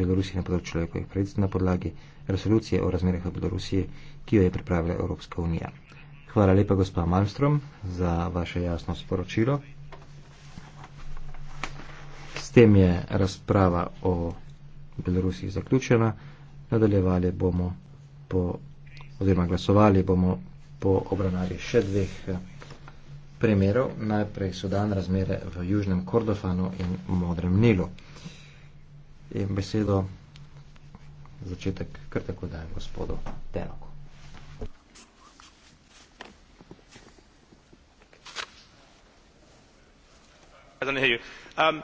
Belorusije na področju človekovih pravic na podlagi resolucije o razmerah v Belorusiji, ki jo je pripravila Evropska unija. Hvala lepa, gospa Malmstrom, za vaše jasno sporočilo. S tem je razprava o Belorusiji zaključena. Nadaljevali bomo po, oziroma glasovali bomo po obravnavi še dveh eh, primerov. Najprej so dan razmere v Južnem Kordofanu in Modrem Nilu in besedo začetek kar tako dajem gospodu Tenoku. I don't hear you. Um,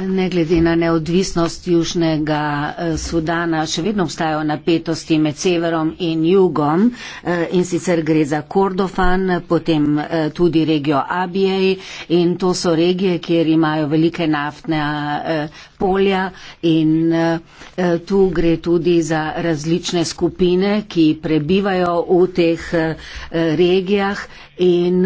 Ne glede na neodvisnost Južnega eh, Sudana, še vedno obstajajo napetosti med severom in jugom eh, in sicer gre za Kordofan, potem eh, tudi regijo Abjej in to so regije, kjer imajo velike naftne polja in tu gre tudi za različne skupine, ki prebivajo v teh regijah in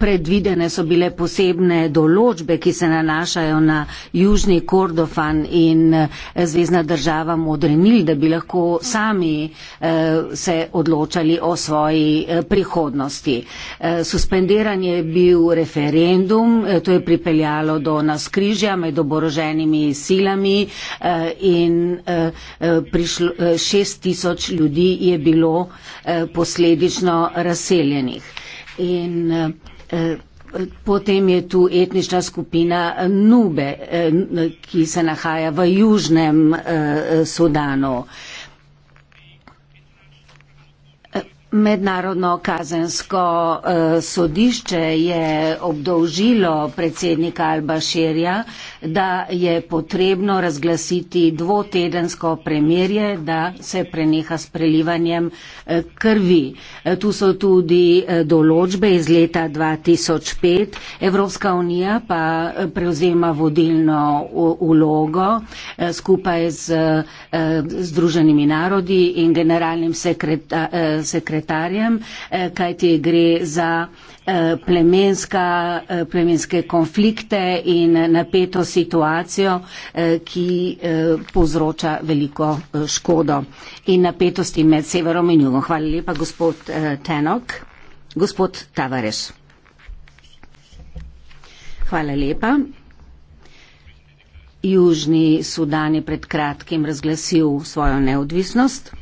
predvidene so bile posebne določbe, ki se nanašajo na južni Kordofan in eh, zvezdna država Modrenil, da bi lahko sami eh, se odločali o svoji eh, prihodnosti. Suspendiran je bil referendum, to je pripeljalo do naskrižja med oboroženimi silami in prišlo, šest tisoč ljudi je bilo posledično razseljenih. In uh, Potem je tu etnična skupina eh, Nube, eh, ki se nahaja v južnem eh, Sudanu. Mednarodno kazensko sodišče je obdolžilo predsednika Albaširja, da je potrebno razglasiti dvotedensko premirje, da se preneha s prelivanjem eh, krvi. Eh, tu so tudi eh, določbe iz leta 2005. Evropska unija pa prevzema vodilno ulogo skupaj z Združenimi narodi in generalnim sekretarjem, kajti gre za Eh, plemenska, eh, plemenske konflikte in napeto situacijo, eh, ki povzroča veliko škodo in napetosti med severom in jugom. Hvala lepa, gospod Tenok. Gospod Tavares. Hvala lepa. Južni Sudan je pred kratkim razglasil svojo neodvisnost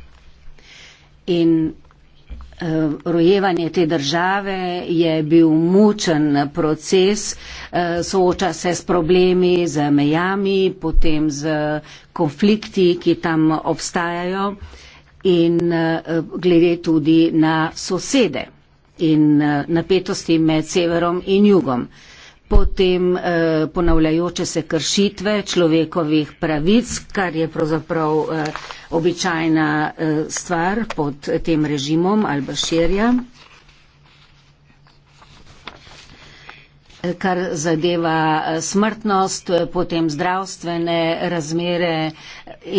in Eh, rojevanje te države je bil mučen proces, eh, sooča se s problemi, z mejami, potem z konflikti, ki tam obstajajo in eh, glede tudi na sosede in napetosti med severom in jugom potem eh, ponavljajoče se kršitve človekovih pravic, kar je pravzaprav eh, običajna eh, stvar pod tem režimom Alba Širja. Eh, kar zadeva eh, smrtnost, eh, potem zdravstvene razmere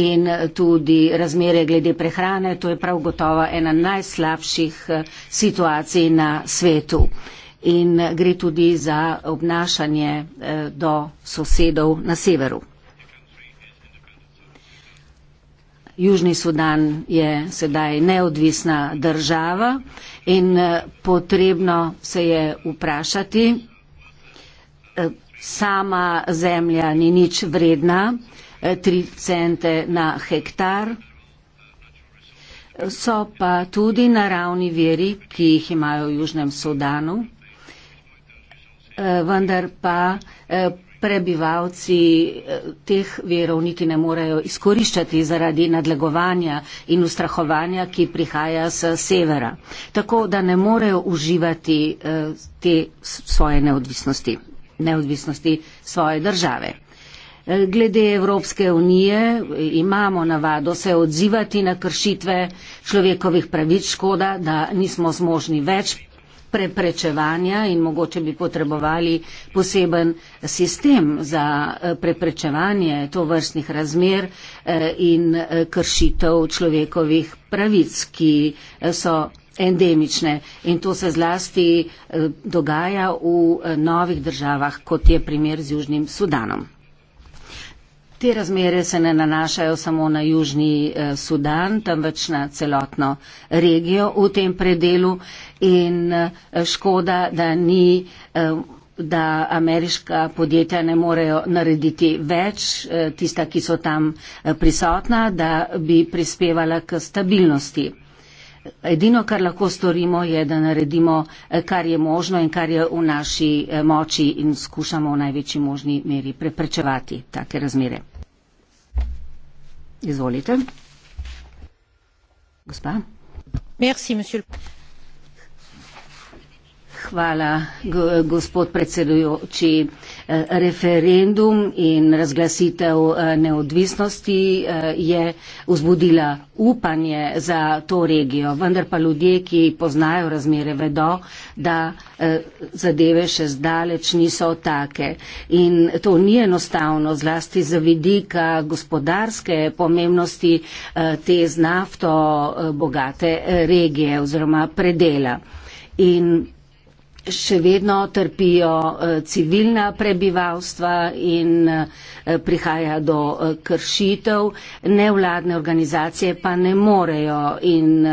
in tudi razmere glede prehrane. To je prav gotovo ena najslabših situacij na svetu in gre tudi za obnašanje eh, do sosedov na severu. Južni Sudan je sedaj neodvisna država in eh, potrebno se je vprašati, eh, sama zemlja ni nič vredna, tri cente na hektar, so pa tudi naravni veri, ki jih imajo v Južnem Sudanu. Eh, vendar pa eh, prebivalci eh, teh verov niti ne morejo izkoriščati zaradi nadlegovanja in ustrahovanja, ki prihaja z severa. Tako da ne morejo uživati te svoje neodvisnosti, neodvisnosti svoje države. Glede Evropske unije imamo navado se odzivati na kršitve človekovih pravic, škoda, da nismo zmožni več preprečevanja in mogoče bi potrebovali poseben sistem za eh, preprečevanje to vrstnih razmer eh, in eh, kršitev človekovih pravic, ki so endemične in to se zlasti dogaja v novih državah, kot je primer z Južnim Sudanom. Te razmere se ne nanašajo samo na Južni eh, Sudan, temveč na celotno regijo v tem predelu in eh, škoda, da, ni, eh, da ameriška podjetja ne morejo narediti več tista, ki so tam prisotna, da bi prispevala k stabilnosti. Edino, kar lahko storimo, je, da naredimo, eh, kar je možno in kar je v naši eh, moči in skušamo v največji možni meri preprečevati take razmere. Izvolite. Gospa. Merci, monsieur. Hvala, gospod predsedujoči referendum in razglasitev eh, neodvisnosti eh, je vzbudila upanje za to regijo, vendar pa ljudje, ki poznajo razmere, vedo, da eh, zadeve še zdaleč niso take. In to ni enostavno, zlasti za vidika gospodarske pomembnosti te z nafto bogate regije oziroma predela. In še vedno trpijo eh, civilna prebivalstva in eh, prihaja do eh, kršitev, nevladne organizacije pa ne morejo in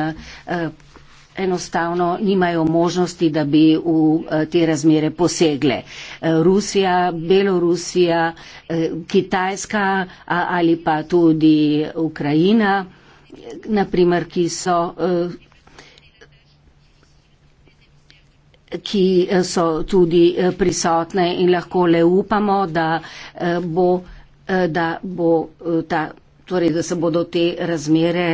enostavno nimajo možnosti, da bi v te razmere posegle. Rusija, Belorusija, Kitajska ali pa tudi Ukrajina, naprimer, ki so ki eh, so tudi eh, prisotne in lahko le upamo, da, eh, bo, da, bo ta, torej, da se bodo te razmere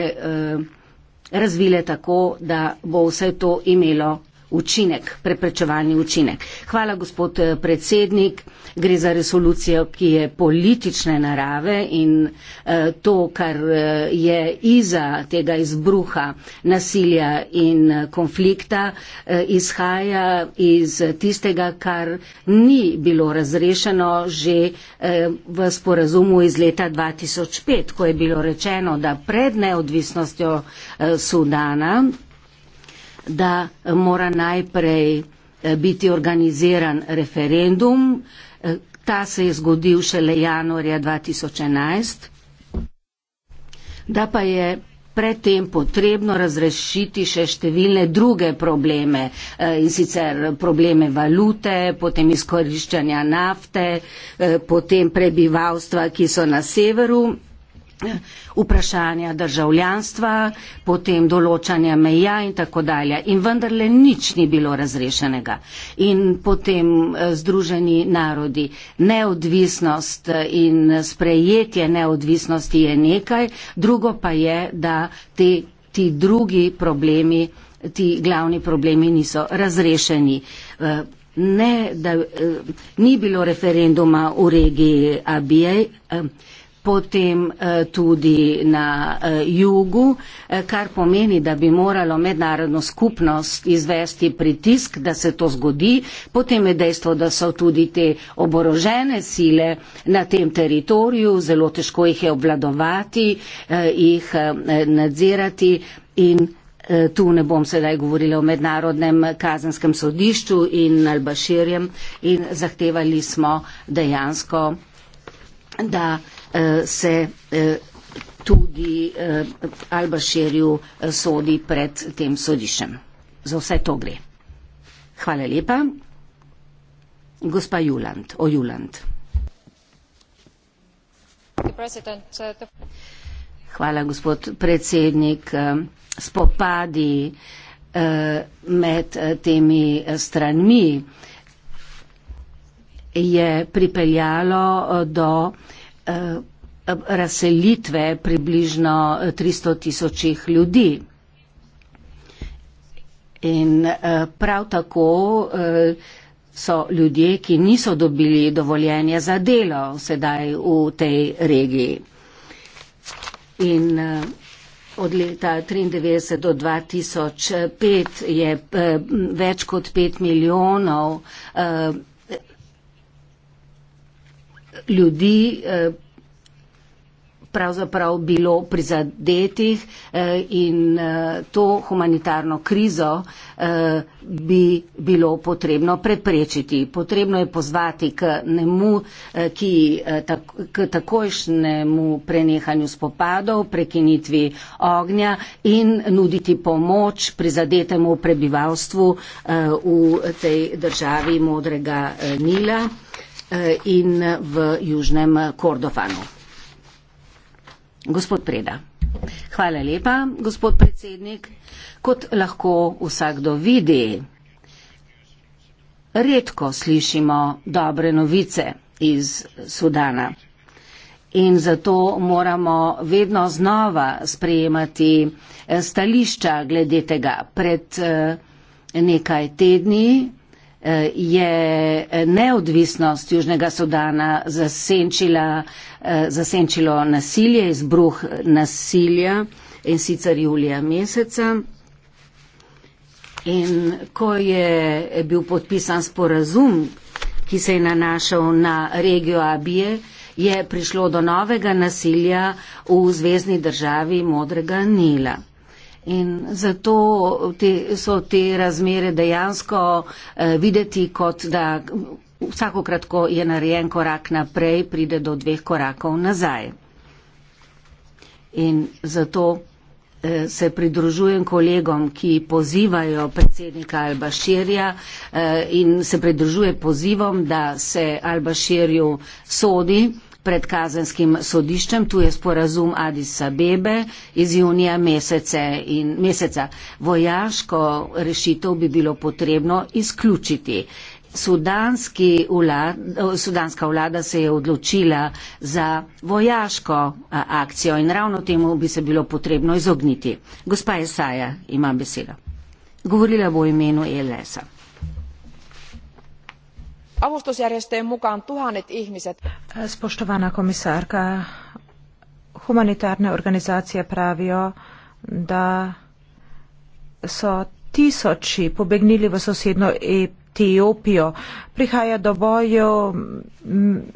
razvile tako, da bo vse to imelo učinek, preprečevalni učinek. Hvala, gospod eh, predsednik. Gre za resolucijo, ki je politične narave in eh, to, kar eh, je iza tega izbruha nasilja in konflikta, izhaja iz tistega, kar ni bilo razrešeno že v sporazumu iz leta 2005, ko je bilo rečeno, da pred neodvisnostjo Sudana, da mora najprej eh, biti organiziran referendum. Eh, ta se je zgodil šele januarja 2011. Da pa je predtem potrebno razrešiti še številne druge probleme eh, in sicer probleme valute, potem izkoriščanja nafte, potem prebivalstva, ki so na severu vprašanja državljanstva, potem določanja meja in tako dalje. In vendarle nič ni bilo razrešenega. In potem eh, Združeni narodi, neodvisnost eh, in sprejetje neodvisnosti je nekaj, drugo pa je, da te, ti drugi problemi, ti glavni problemi niso razrešeni. Eh, ne, da, ni bilo referenduma v regiji Abijej potem eh, tudi na eh, jugu, eh, kar pomeni, da bi moralo mednarodno skupnost izvesti pritisk, da se to zgodi. Potem je dejstvo, da so tudi te oborožene sile na tem teritoriju, zelo težko jih je obvladovati, jih nadzirati in tu ne bom sedaj govorila o mednarodnem kazenskem sodišču in albaširjem in zahtevali smo dejansko, da eh, se eh, tudi eh, Albaširju eh, sodi pred tem sodiščem. Za vse to gre. Hvala lepa. Gospa Juland, o Juland. Hvala, gospod predsednik. Eh, spopadi eh, med eh, temi stranmi je pripeljalo do Eh, razselitve približno 300 eh, tisočih ljudi. In eh, prav tako so ljudje, ki niso dobili dovoljenja za delo sedaj v tej regiji. In od leta 1993 do 2005 je več kot 5 milijonov ljudi eh, pravzaprav bilo prizadetih eh, in eh, to humanitarno krizo bi bilo potrebno preprečiti. Potrebno je pozvati k, nemu, ki, k takojšnjemu prenehanju spopadov, prekinitvi ognja in nuditi pomoč prizadetemu prebivalstvu v tej državi modrega Nila. Eh, in v južnem Kordofanu. Gospod Preda. Hvala lepa, gospod predsednik. Kot lahko vsakdo vidi, redko slišimo dobre novice iz Sudana. In zato moramo vedno znova sprejemati eh, stališča glede tega. Pred eh, nekaj tedni je neodvisnost Južnega Sudana zasenčilo nasilje, izbruh nasilja in sicer julija meseca. In ko je bil podpisan sporazum, ki se je nanašal na regijo Abije, je prišlo do novega nasilja v zvezdni državi Modrega Nila. In zato te, so te razmere dejansko eh, videti kot da vsakokrat, ko je narejen korak naprej, pride do dveh korakov nazaj. In zato eh, se pridružujem kolegom, ki pozivajo predsednika Albaširja eh, in se pridružuje pozivom, da se Albaširju sodi pred kazenskim sodiščem. Tu je sporazum Adis Abebe iz junija in, meseca. Vojaško rešitev bi bilo potrebno izključiti. Vla, sudanska vlada se je odločila za vojaško akcijo in ravno temu bi se bilo potrebno izogniti. Gospa Esaja ima besedo. Govorila bo o imenu ELS-a avustusjärjestöjen mukaan tuhannet ihmiset. Spoštovana komisarka, humanitarne organizacije pravijo, da so tisoči pobegnili v sosedno Etiopijo. Prihaja do bojo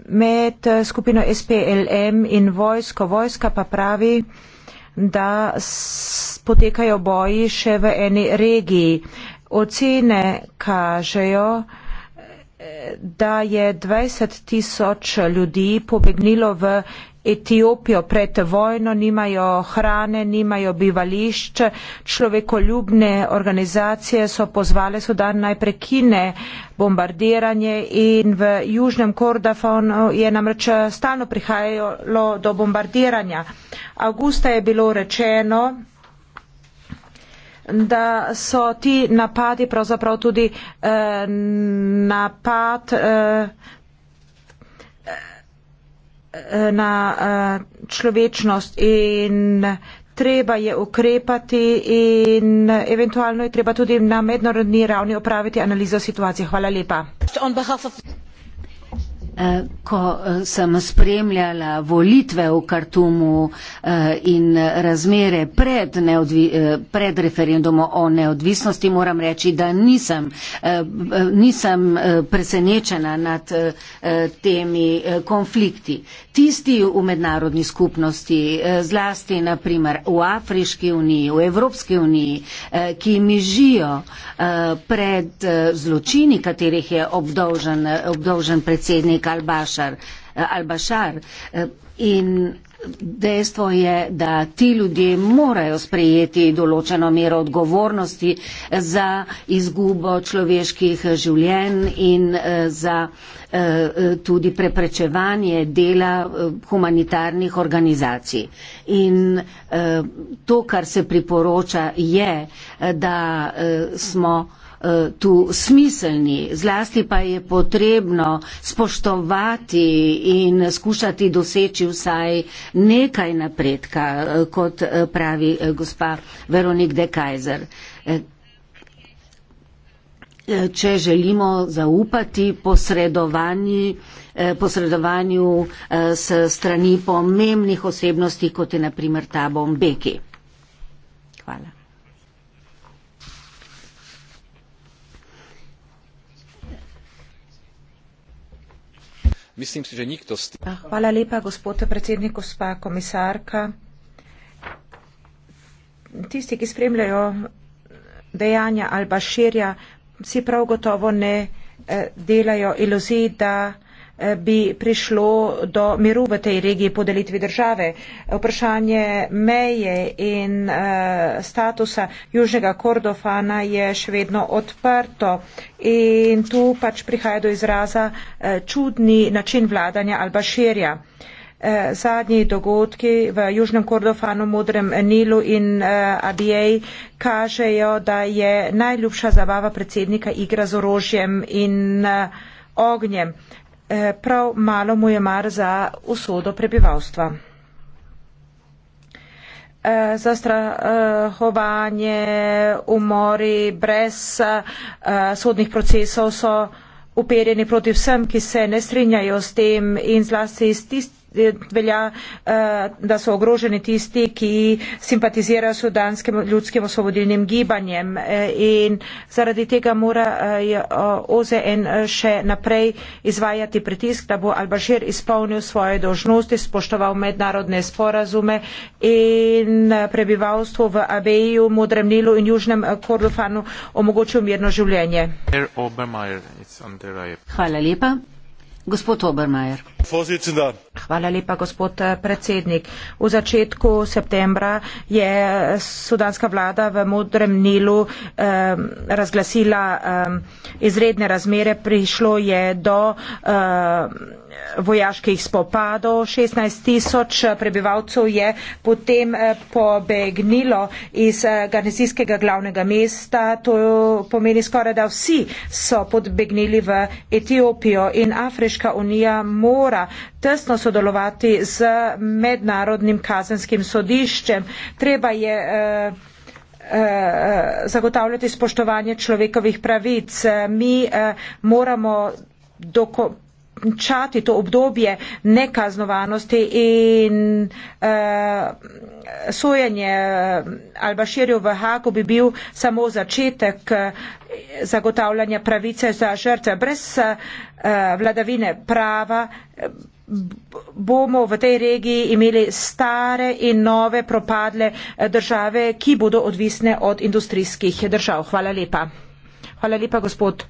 med skupino SPLM in vojsko. Vojska pa pravi, da potekajo boji še v eni regiji. Ocene kažejo, da je 20 tisoč ljudi pobegnilo v Etiopijo pred vojno, nimajo hrane, nimajo bivališč. Človekoljubne organizacije so pozvale sodan naj prekine bombardiranje in v južnem Kordafonu je namreč stalno prihajalo do bombardiranja. Augusta je bilo rečeno, da so ti napadi pravzaprav tudi eh, napad eh, eh, na eh, človečnost in treba je ukrepati in eventualno je treba tudi na mednarodni ravni opraviti analizo situacije. Hvala lepa. Eh, ko eh, sem spremljala volitve v Kartumu eh, in razmere pred, pred referendumom o neodvisnosti, moram reči, da nisem, nisem presenečena nad temi konflikti tisti v mednarodni skupnosti, eh, zlasti naprimer v Afriški uniji, v Evropski uniji, eh, ki mi žijo eh, pred zločini, katerih je obdolžen, obdolžen predsednik Albašar. Albašar. In dejstvo je, da ti ljudje morajo sprejeti določeno mero odgovornosti za izgubo človeških življenj in eh, za eh, eh, tudi preprečevanje dela humanitarnih organizacij. In to, kar se priporoča, je, da smo Eh, tu smiselni, zlasti pa je potrebno spoštovati in skušati doseči vsaj nekaj napredka, eh, kot eh, pravi gospa Veronik de Kajzer. Če želimo zaupati posredovanji, posredovanju s strani pomembnih osebnosti, kot je naprimer ta bombeki. Hvala. mislim si, že nikto s tým. Ah, hvala lepa, gospod predsednik, gospa komisarka. Tisti, ki spremljajo dejanja Albaširja, si prav gotovo ne eh, delajo iluzij, da Eh, bi prišlo do miru v tej regiji podelitvi države. Vprašanje meje in uh, statusa južnega Kordofana je še vedno odprto in tu pač prihaja do izraza uh, čudni način vladanja Albaširja. Zadnji dogodki v Južnem Kordofanu, Modrem Nilu in uh, Abijej kažejo, da je najljubša zabava predsednika igra z orožjem in uh, ognjem. Eh, prav malo mu je mar za usodo prebivalstva. Eh, zastrahovanje, umori brez eh, sodnih procesov so uperjeni proti vsem, ki se ne strinjajo s tem in zlasti s tistimi, velja, eh, da so ogroženi tisti, ki simpatizirajo s sudanskim ljudskim osvobodilnim gibanjem. Eh, in zaradi tega mora eh, OZN še naprej izvajati pritisk, da bo Albašir izpolnil svoje dožnosti, spoštoval mednarodne sporazume in prebivalstvo v Abeju, Modrem Nilu in Južnem Kordofanu omogočil mirno življenje. Hvala lepa. Gospod Obermajer. Hvala lepa, gospod eh, predsednik. V začetku septembra je eh, sudanska vlada v modrem Nilu eh, razglasila eh, izredne razmere. Prišlo je do. Eh, vojaških spopadov. 16 tisoč eh, prebivalcev je potem eh, pobegnilo iz eh, garnizijskega glavnega mesta. To pomeni skoraj, da vsi so podbegnili v Etiopijo in Afriška unija mora tesno sodelovati z mednarodnim kazenskim sodiščem. Treba je zagotavljati spoštovanje človekovih pravic. Mi moramo dokončati končati to obdobje nekaznovanosti in uh, sojenje eh, Albaširju v Haku bi bil samo začetek eh, zagotavljanja pravice za žrtve. Brez uh, vladavine prava bomo v tej regiji imeli stare in nove propadle države, ki bodo odvisne od industrijskih držav. Hvala lepa. Hvala lepa, gospod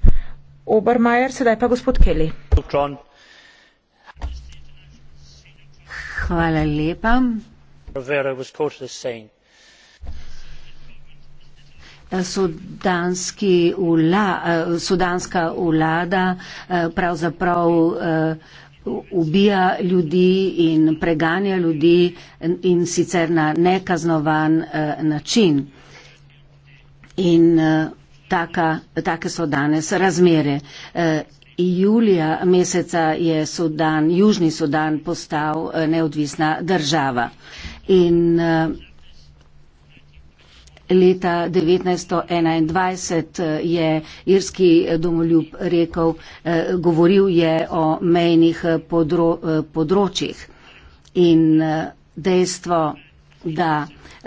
Obermajer. Sedaj pa gospod Kelly. John. Hvala lepa. Eh, sudanski vla, eh, sudanska vlada eh, pravzaprav ubija ljudi in preganja ljudi in sicer na nekaznovan način. In taka, take so danes razmere. Julija meseca je Sudan, Južni Sudan postal eh, neodvisna država. In eh, leta 1921 eh, je irski domoljub rekel, govoril je o mejnih področjih. In dejstvo, da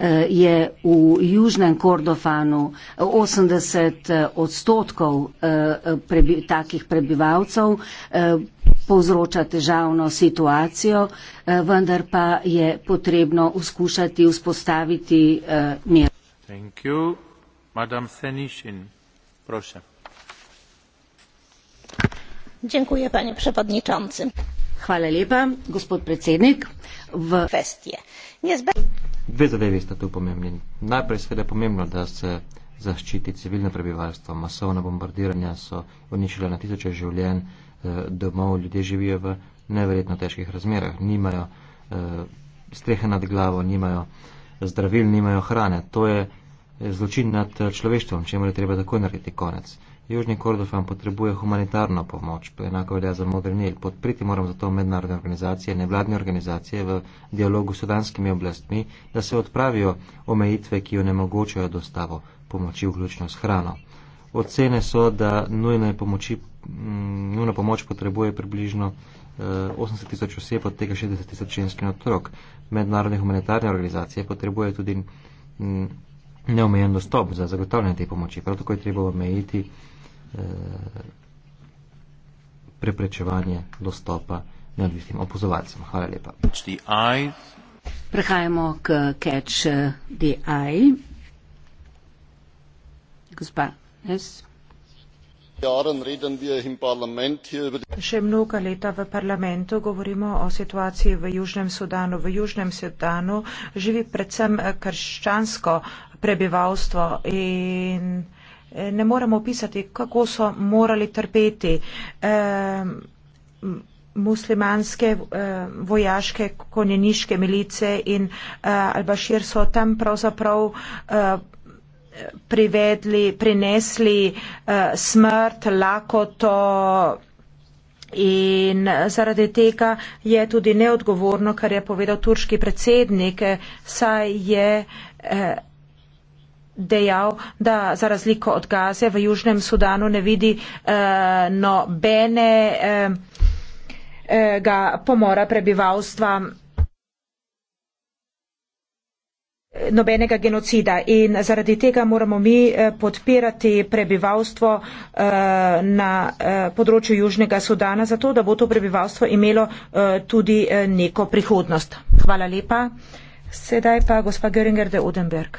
Eh, je v južnem Kordofanu 80 eh, eh, odstotkov prebi, takih prebivalcev povzroča težavno situacijo, vendar pa je potrebno uskušati vzpostaviti mir. Thank you. Madam Senishin, proszę. Dziękuję panie przewodniczący. Chwalę lepa, gospod predsednik. W kwestie. Niezbędne dve zadevi sta tu pomembni. Najprej seveda je pomembno, da se zaščiti civilno prebivalstvo. Masovna bombardiranja so uničila na tisoče življenj, eh, domov ljudje živijo v neverjetno težkih razmerah, nimajo eh, strehe nad glavo, nimajo zdravil, nimajo hrane. To je eh, zločin nad človeštvom, čemu je treba takoj narediti konec. Južni Kordofan potrebuje humanitarno pomoč, enako velja za Modrenil. Podpriti moram zato mednarodne organizacije, nevladne organizacije v dialogu s sudanskimi oblastmi, da se odpravijo omejitve, ki onemogočajo dostavo pomoči, vključno s hrano. Ocene so, da nujna, pomoči, mm, nujna pomoč potrebuje približno 80 eh, tisoč oseb, od tega 60 tisoč žensk in otrok. Mednarodne humanitarne organizacije potrebuje tudi mm, neomejen dostop za zagotavljanje te pomoči. Prav tako je treba omejiti uh, Eh, preprečevanje dostopa neodvisnim opozovalcem. Hvala lepa. Prehajamo k catch eh, the eye. Gospa, jaz. Še mnoga leta v parlamentu govorimo o situaciji v Južnem Sudanu. V Južnem Sudanu živi predvsem krščansko prebivalstvo in ne moremo opisati, kako so morali trpeti eh, muslimanske eh, vojaške konjeniške milice in eh, Albašir so tam pravzaprav privedli, prinesli smrt, lakoto. In zaradi tega je tudi neodgovorno, kar je povedal turški predsednik, saj je dejal, da za razliko od Gaze v Južnem Sudanu ne vidi eh, nobene eh, eh pomora prebivalstva nobenega genocida in zaradi tega moramo mi eh, podpirati prebivalstvo eh, na področju Južnega Sudana, zato da bo to prebivalstvo imelo tudi neko prihodnost. Hvala lepa. Sedaj pa gospa Göringer de Udenberg.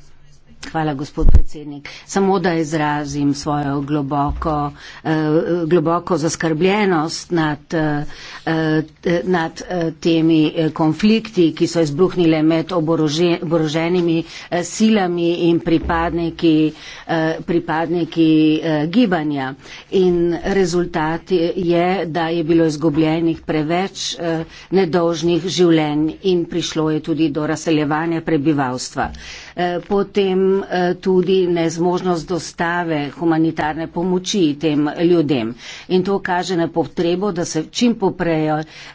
Hvala, gospod predsednik. Samo da izrazim svojo globoko, eh, globoko zaskrbljenost nad, eh, eh, nad temi konflikti, ki so izbruhnile med oboroženimi silami in pripadniki, pripadniki gibanja. In rezultat je, da je bilo izgubljenih preveč nedolžnih življenj in prišlo je tudi do razseljevanja prebivalstva. Eh, potem eh, tudi nezmožnost dostave humanitarne pomoči tem ljudem. In to kaže na potrebo, da se čim poprej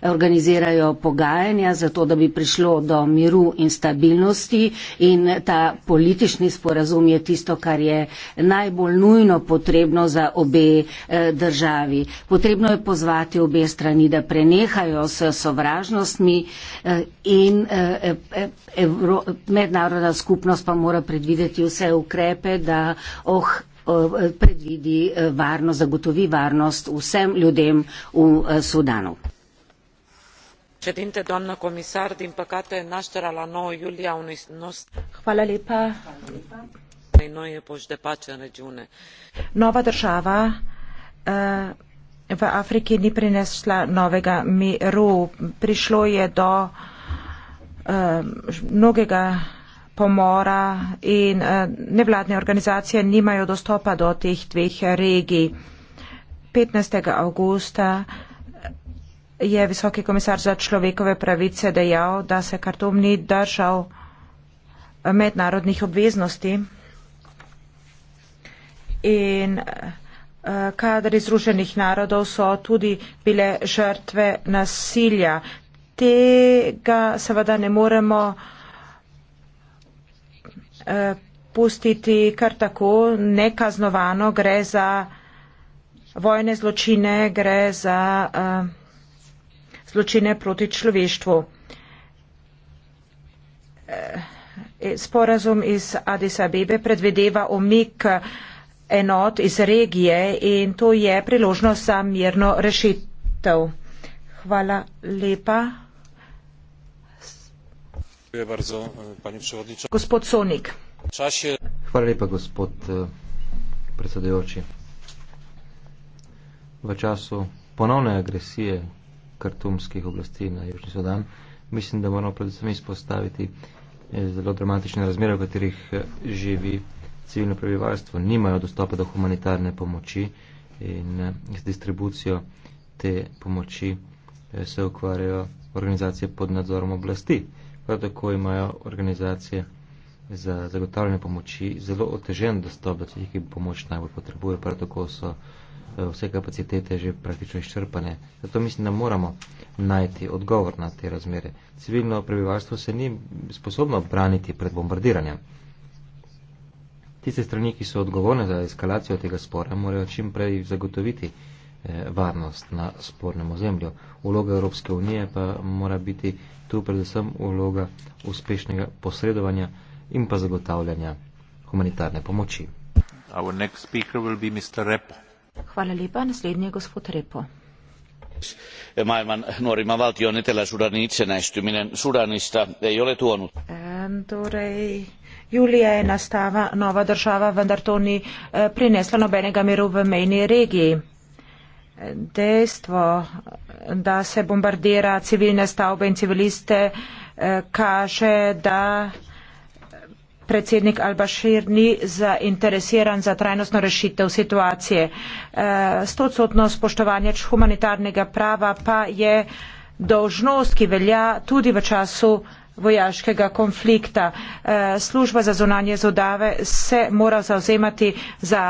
organizirajo pogajanja, zato da bi prišlo do miru in stabilnosti in ta politični sporazum je tisto, kar je najbolj nujno potrebno za obe eh, državi. Potrebno je pozvati obe strani, da prenehajo s sovražnostmi in mednarodna skupnost varnost pa mora predvideti vse ukrepe, da oh, eh, predvidi eh, varnost, zagotovi varnost vsem ljudem v eh, Sudanu. Ședinte, doamna comisar, din păcate, nașterea la 9 iulie a unui nos... Hvala lepa. Hvala lepa. Noi e poș de pace în regiune. Nova država uh, v Afriki ni prinesla novega miru. Prišlo je do uh, mnogega pomora in eh, nevladne organizacije nimajo dostopa do teh dveh regij. 15. avgusta je visoki komisar za človekove pravice dejal, da se Kartum ni držal eh, mednarodnih obveznosti in eh, kadri Združenih narodov so tudi bile žrtve nasilja. Tega seveda ne moremo uh, pustiti kar tako nekaznovano, gre za vojne zločine, gre za eh, zločine proti človeštvu. Eh, sporazum iz Adisa Bebe predvedeva omik enot iz regije in to je priložnost za mirno rešitev. Hvala lepa. Gospod Sonik. Hvala lepa, gospod e, predsedujoči. V času ponovne agresije kartumskih oblasti na Južni Sudan mislim, da moramo predvsem izpostaviti e, zelo dramatične razmere, v katerih e, živi civilno prebivalstvo. Nimajo dostopa do humanitarne pomoči in z distribucijo te pomoči se ukvarjajo organizacije pod nadzorom oblasti. Prav tako imajo organizacije za zagotavljanje pomoči zelo otežen dostop do tistih, ki pomoč najbolj potrebujejo. Prav tako so eh, vse kapacitete že praktično izčrpane. Zato mislim, da moramo najti odgovor na te razmere. Civilno prebivalstvo se ni sposobno braniti pred bombardiranjem. Tiste strani, ki so odgovorne za eskalacijo tega spora, morajo čim prej zagotoviti Eh, varnost na spornem ozemlju. Uloga Evropske unije pa mora biti tu predvsem uloga uspešnega posredovanja in pa zagotavljanja humanitarne pomoči. Our next speaker will be Mr. Repo. Hvala lepa, naslednji je gospod Repo. Maailman nuorima valtion eteläsudanin itsenäistyminen Sudanista ei ole tuonut. Ähm, torej, julija je nastava nova država, vendar to ni äh, prineslo nobenega miru v mejni regiji dejstvo, da se bombardira civilne stavbe in civiliste, eh, kaže, da predsednik Albašir ni zainteresiran za trajnostno rešitev situacije. Eh, Stocotno spoštovanje humanitarnega prava pa je dolžnost, ki velja tudi v času vojaškega konflikta. Eh, služba za zunanje zodave se mora zauzemati za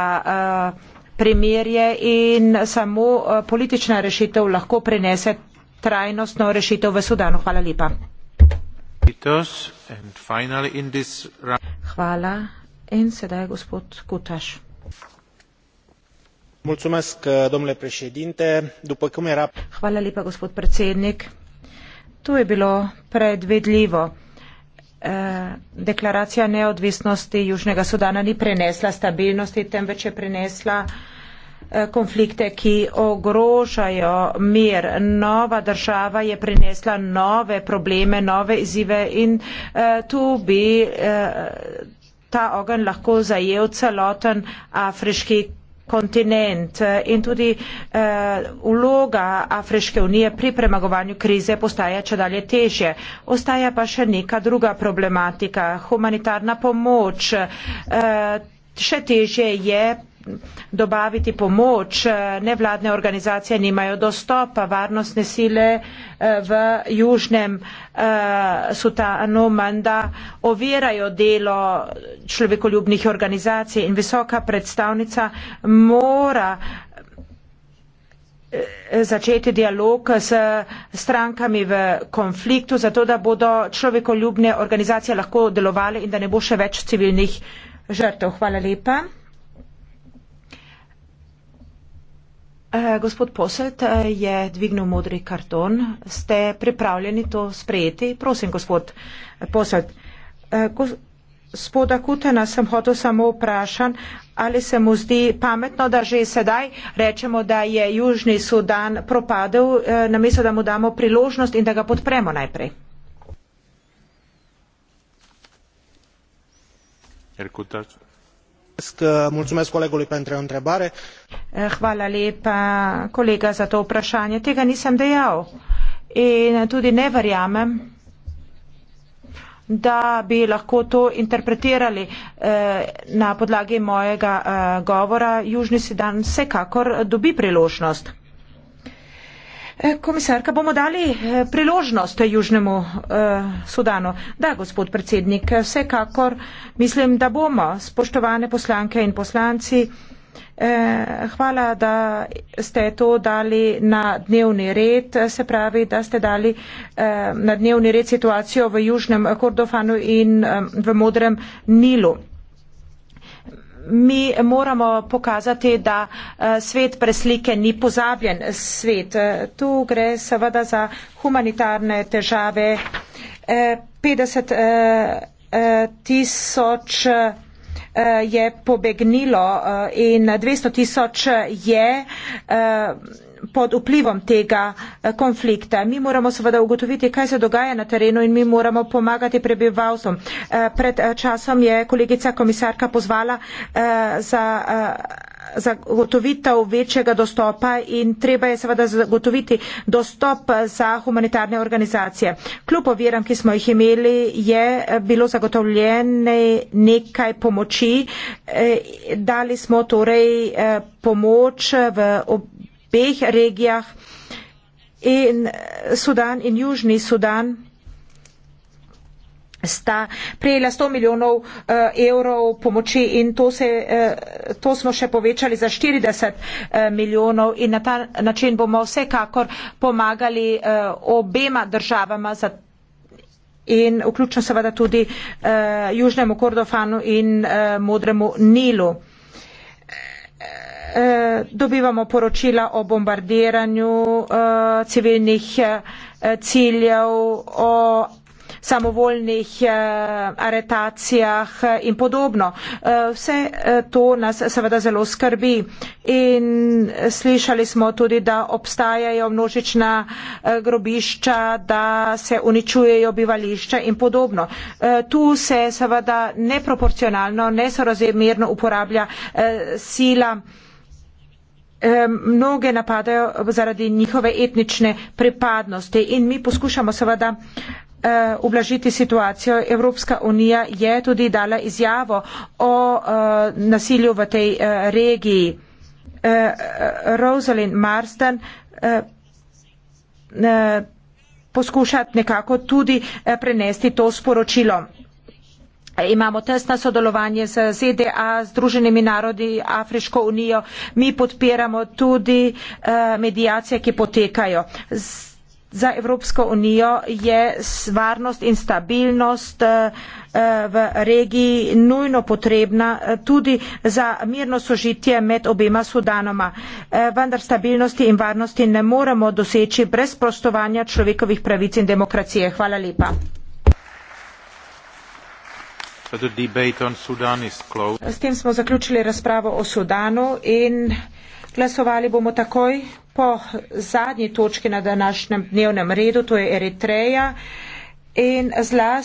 uh, premirje in samo eh, politična rešitev lahko prenese trajnostno rešitev v Sudanu. Hvala lepa. Hvala. In sedaj gospod Kutaš. Mulțumesc, domnule președinte. După cum era... Hvala lepa, gospod predsednik. To je bilo predvidljivo. Eh, deklaracija neodvisnosti Južnega Sudana ni prenesla stabilnosti, temveč je prenesla eh, konflikte, ki ogrožajo mir. Nova država je prinesla nove probleme, nove izzive in eh, tu bi eh, ta ogen lahko zajel celoten afriški kontinent eh, in tudi uh, vloga Afriške unije pri premagovanju krize postaja če dalje težje. Ostaja pa še neka druga problematika, humanitarna pomoč. Uh, še težje je dobaviti pomoč, nevladne organizacije nimajo dostopa, varnostne sile eh, v južnem eh, Sutanu manda ovirajo delo človekoljubnih organizacij in visoka predstavnica mora eh, začeti dialog s strankami v konfliktu, zato da bodo človekoljubne organizacije lahko delovali in da ne bo še več civilnih žrtev. Hvala lepa. Eh, gospod Poselt eh, je dvignil modri karton. Ste pripravljeni to sprejeti? Prosim, gospod eh, Poselt. Gospoda Kutena sem hotel samo vprašan, ali se mu zdi pametno, da že sedaj rečemo, da je Južni Sudan propadel, namesto da mu damo priložnost in da ga podpremo najprej. Er, Eh, hvala lepa, kolega, za to vprašanje. Tega nisem dejal in tudi ne verjamem, da bi lahko to interpretirali eh, na podlagi mojega eh, govora. Južni Sudan vsekakor dobi priložnost. Eh, komisarka, bomo dali eh, priložnost Južnemu eh, Sudanu. Da, gospod predsednik, eh, vsekakor mislim, da bomo, spoštovane poslanke in poslanci, eh, hvala, da ste to dali na dnevni red, se pravi, da ste dali eh, na dnevni red situacijo v Južnem Kordofanu in eh, v Modrem Nilu mi moramo pokazati, da eh, svet preslike ni pozabljen svet. Eh, tu gre seveda za humanitarne težave. 50 eh, tisoč je pobegnilo in 200 tisoč je pod vplivom tega eh, konflikta. Mi moramo seveda ugotoviti, kaj se dogaja na terenu in mi moramo pomagati prebivalcem. Eh, pred eh, časom je kolegica komisarka pozvala za zagotovitev večjega dostopa in treba je seveda zagotoviti dostop za humanitarne organizacije. Kljub oviram, ki smo jih imeli, je bilo zagotovljene nekaj pomoči. Dali smo torej pomoč v obeh regijah in eh, Sudan in Južni Sudan sta prejela 100 milijonov uh, evrov pomoči in to, se, uh, to smo še povečali za 40 uh, milijonov in na ta način bomo vsekakor pomagali uh, obema državama za, in vključno seveda tudi uh, Južnemu Kordofanu in uh, Modremu Nilu eh, dobivamo poročila o bombardiranju eh, civilnih eh, ciljev, o samovoljnih eh, aretacijah eh, in podobno. Eh, vse eh, to nas seveda zelo skrbi in slišali smo tudi, da obstajajo množična eh, grobišča, da se uničujejo bivališča in podobno. Eh, tu se seveda neproporcionalno, nesorazmerno uporablja eh, sila eh, mnoge napadajo zaradi njihove etnične pripadnosti in mi poskušamo seveda eh, ublažiti situacijo. Evropska unija je tudi dala izjavo o eh, nasilju v tej eh, regiji. Rosalind Marsden poskušati nekako tudi prenesti to sporočilo imamo tesna sodelovanje z ZDA, Združenimi narodi, Afriško unijo, mi podpiramo tudi uh, eh, medijacije, ki potekajo. Z Za Evropsko unijo je varnost in stabilnost eh, eh, v regiji nujno potrebna tudi za mirno sožitje med obema sudanoma. Vendar stabilnosti in varnosti ne moremo doseči brez prostovanja človekovih pravic in demokracije. Hvala lepa. S tem smo zaključili razpravo o Sudanu in glasovali bomo takoj po zadnji točki na današnjem dnevnem redu, to je Eritreja. In zlasti